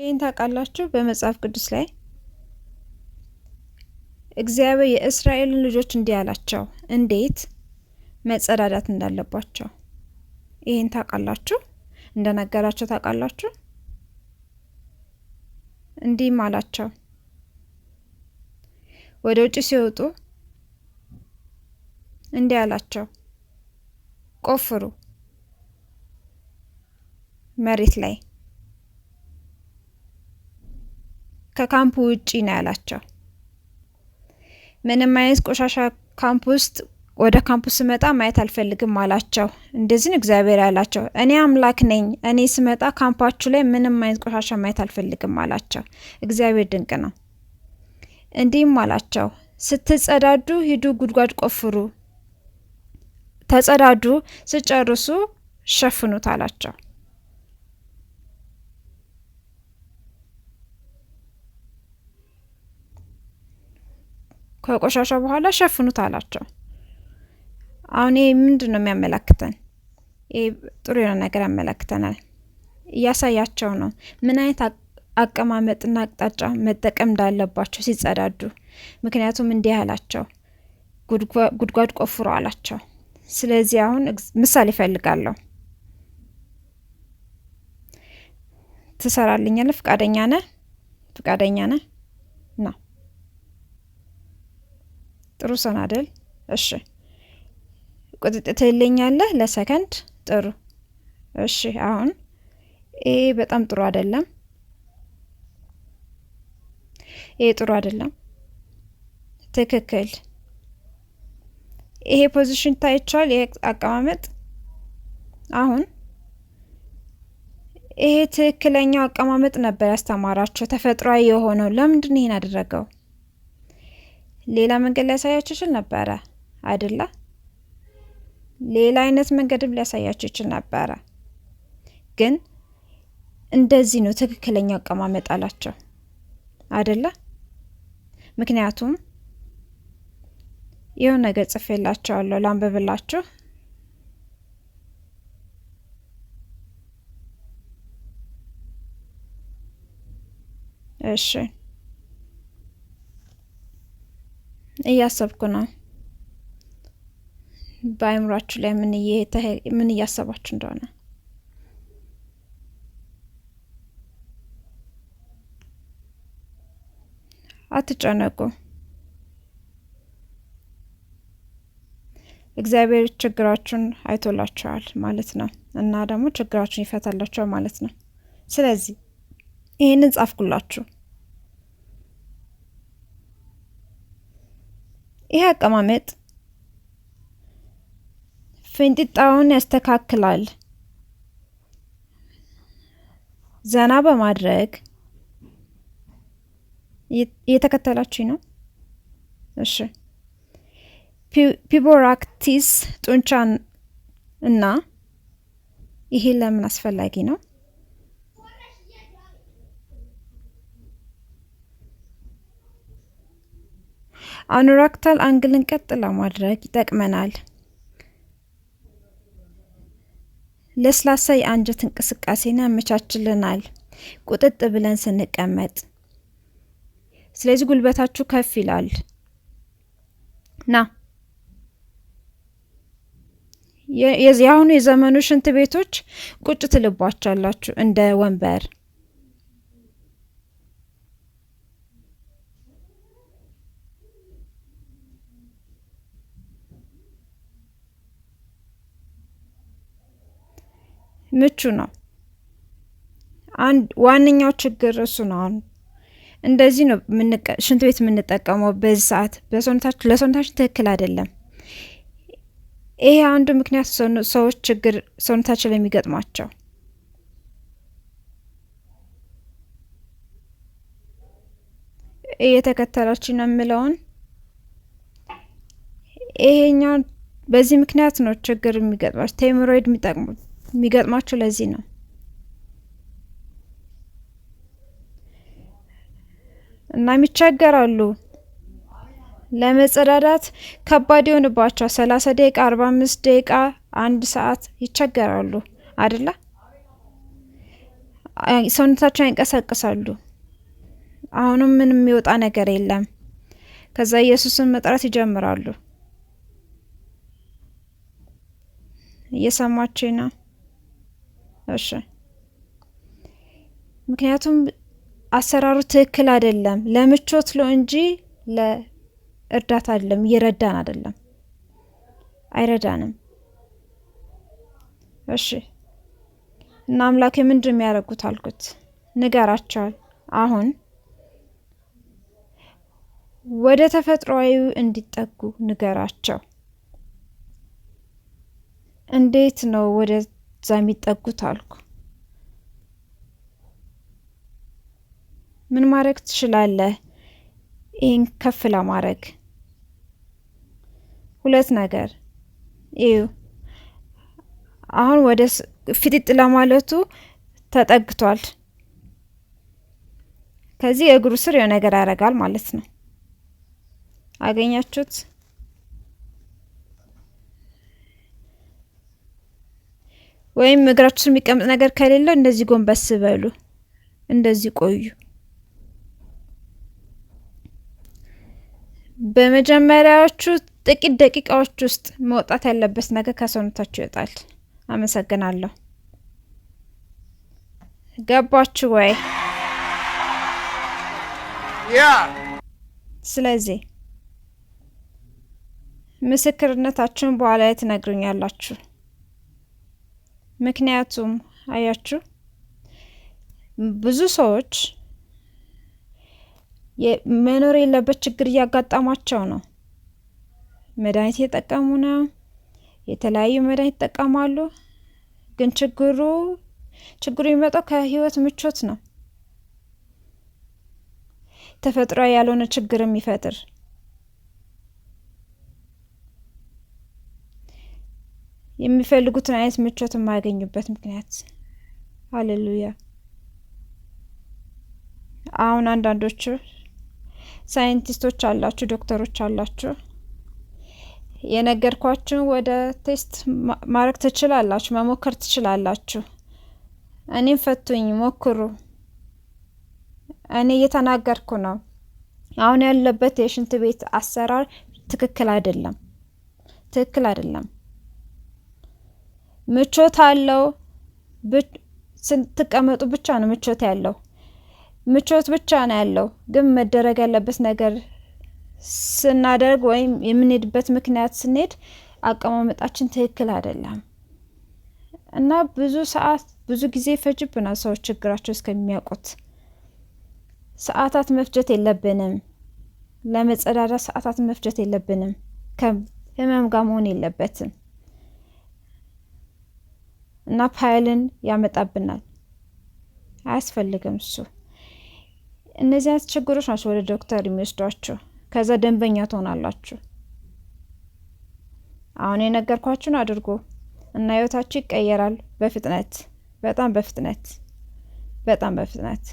ይህን ታውቃላችሁ? በመጽሐፍ ቅዱስ ላይ እግዚአብሔር የእስራኤልን ልጆች እንዲህ አላቸው፣ እንዴት መጸዳዳት እንዳለባቸው። ይህን ታውቃላችሁ? እንደነገራቸው ታውቃላችሁ። እንዲህም አላቸው ወደ ውጭ ሲወጡ እንዲህ አላቸው፣ ቆፍሩ መሬት ላይ ከካምፕ ውጪ ነው ያላቸው። ምንም አይነት ቆሻሻ ካምፕ ውስጥ ወደ ካምፑ ስመጣ ማየት አልፈልግም አላቸው። እንደዚህን እግዚአብሔር ያላቸው እኔ አምላክ ነኝ፣ እኔ ስመጣ ካምፓችሁ ላይ ምንም አይነት ቆሻሻ ማየት አልፈልግም አላቸው። እግዚአብሔር ድንቅ ነው። እንዲህም አላቸው፣ ስትጸዳዱ ሂዱ፣ ጉድጓድ ቆፍሩ፣ ተጸዳዱ፣ ስጨርሱ ሸፍኑት አላቸው። ከቆሻሻ በኋላ ሸፍኑት አላቸው። አሁን ይህ ምንድን ነው የሚያመላክተን? ይህ ጥሩ የሆነ ነገር ያመላክተናል። እያሳያቸው ነው ምን አይነት አቀማመጥና አቅጣጫ መጠቀም እንዳለባቸው ሲጸዳዱ። ምክንያቱም እንዲህ አላቸው፣ ጉድጓድ ቆፍሮ አላቸው። ስለዚህ አሁን ምሳሌ ይፈልጋለሁ። ትሰራልኛለህ? ፍቃደኛ ነህ? ፍቃደኛ ነህ ነው ጥሩ ሰን አደል? እሺ ቁጥጥር ትለኛለህ ለሰከንድ ጥሩ። እሺ አሁን ይሄ በጣም ጥሩ አይደለም። ይሄ ጥሩ አይደለም። ትክክል። ይሄ ፖዚሽን ታይቻል። ይሄ አቀማመጥ አሁን ይሄ ትክክለኛው አቀማመጥ ነበር ያስተማራቸው ተፈጥሯዊ የሆነው። ለምንድን ይሄን አደረገው? ሌላ መንገድ ሊያሳያችሁ ይችል ነበረ አይደለ? ሌላ አይነት መንገድም ሊያሳያችሁ ይችል ነበረ። ግን እንደዚህ ነው ትክክለኛ አቀማመጥ አላቸው አይደለ? ምክንያቱም ይኸው ነገር ጽፌላቸዋለሁ ላንብብላችሁ። እሺ እያሰብኩ ነው። በአእምሯችሁ ላይ ምን እያሰባችሁ እንደሆነ አትጨነቁ። እግዚአብሔር ችግራችሁን አይቶላችኋል ማለት ነው እና ደግሞ ችግራችሁን ይፈታላችኋል ማለት ነው። ስለዚህ ይህንን ጻፍኩላችሁ። ይህ አቀማመጥ ፍንጥጣውን ያስተካክላል። ዘና በማድረግ እየተከተላችሁ ነው። እሺ ፒቦራክቲስ ጡንቻን እና ይሄ ለምን አስፈላጊ ነው? አኖራክታል አንግልን ቀጥ ለማድረግ ይጠቅመናል። ለስላሳ የአንጀት እንቅስቃሴን ያመቻችልናል ቁጥጥ ብለን ስንቀመጥ። ስለዚህ ጉልበታችሁ ከፍ ይላል። ና የአሁኑ የዘመኑ ሽንት ቤቶች ቁጭ ትልባቻላችሁ እንደ ወንበር ምቹ ነው። ዋነኛው ችግር እሱ ነው። አሁን እንደዚህ ነው ሽንት ቤት የምንጠቀመው በዚህ ሰዓት ለሰውነታችን ትክክል አይደለም። ይሄ አንዱ ምክንያት ሰዎች ችግር ሰውነታችን የሚገጥሟቸው እየተከተላችሁ ነው የምለውን ይሄኛው በዚህ ምክንያት ነው ችግር የሚገጥማቸው ቴምሮይድ የሚጠቅሙት የሚገጥማቸው ለዚህ ነው። እናም ይቸገራሉ። ለመጸዳዳት ከባድ ይሆንባቸው ሰላሳ ደቂቃ አርባ አምስት ደቂቃ አንድ ሰዓት ይቸገራሉ አደላ ሰውነታቸውን ያንቀሳቅሳሉ። አሁንም ምንም የሚወጣ ነገር የለም። ከዛ ኢየሱስን መጥራት ይጀምራሉ። እየሰማችሁ ነው። እሺ ምክንያቱም አሰራሩ ትክክል አይደለም። ለምቾት ነው እንጂ ለእርዳታ አይደለም። እየረዳን አይደለም፣ አይረዳንም። እሺ እና አምላኬ ምንድን የሚያደርጉት አልኩት። ንገራቸዋል አሁን ወደ ተፈጥሯዊ እንዲጠጉ ንገራቸው። እንዴት ነው ወደ እዛ የሚጠጉት አልኩ። ምን ማድረግ ትችላለህ? ይህን ከፍ ለማድረግ ሁለት ነገር ይው አሁን ወደ ፍጥጥ ለማለቱ ተጠግቷል። ከዚህ የእግሩ ስር የሆነ ነገር ያደርጋል ማለት ነው። አገኛችሁት? ወይም እግራችሁ የሚቀመጥ ነገር ከሌለው እንደዚህ ጎንበስ በሉ፣ እንደዚህ ቆዩ። በመጀመሪያዎቹ ጥቂት ደቂቃዎች ውስጥ መውጣት ያለበት ነገር ከሰውነታችሁ ይወጣል። አመሰግናለሁ። ገባችሁ ወይ? ያ ስለዚህ ምስክርነታችሁን በኋላ ላይ ትነግሩኛላችሁ። ምክንያቱም አያችሁ ብዙ ሰዎች መኖር የለበት ችግር እያጋጠማቸው ነው። መድኃኒት የጠቀሙ ነው፣ የተለያዩ መድኃኒት ይጠቀማሉ። ግን ችግሩ ችግሩ የሚመጣው ከህይወት ምቾት ነው። ተፈጥሯዊ ያልሆነ ችግር የሚፈጥር የሚፈልጉትን አይነት ምቾት የማያገኙበት ምክንያት። ሀሌሉያ። አሁን አንዳንዶቹ ሳይንቲስቶች አላችሁ፣ ዶክተሮች አላችሁ። የነገርኳችሁ ወደ ቴስት ማድረግ ትችላላችሁ፣ መሞከር ትችላላችሁ። እኔም ፈቱኝ፣ ሞክሩ። እኔ እየተናገርኩ ነው። አሁን ያለበት የሽንት ቤት አሰራር ትክክል አይደለም፣ ትክክል አይደለም። ምቾት አለው። ስትቀመጡ ብቻ ነው ምቾት ያለው ምቾት ብቻ ነው ያለው። ግን መደረግ ያለበት ነገር ስናደርግ ወይም የምንሄድበት ምክንያት ስንሄድ አቀማመጣችን ትክክል አይደለም እና ብዙ ሰዓት ብዙ ጊዜ ፈጅብናል። ሰዎች ችግራቸው እስከሚያውቁት ሰዓታት መፍጀት የለብንም። ለመጸዳዳት ሰዓታት መፍጀት የለብንም። ከህመም ጋር መሆን የለበትም። እና ፋይልን ያመጣብናል። አያስፈልግም እሱ። እነዚህ አይነት ችግሮች ናቸው ወደ ዶክተር የሚወስዷቸው። ከዛ ደንበኛ ትሆናላችሁ። አሁን የነገርኳችሁን አድርጎ እና ህይወታችሁ ይቀየራል። በፍጥነት በጣም በፍጥነት በጣም በፍጥነት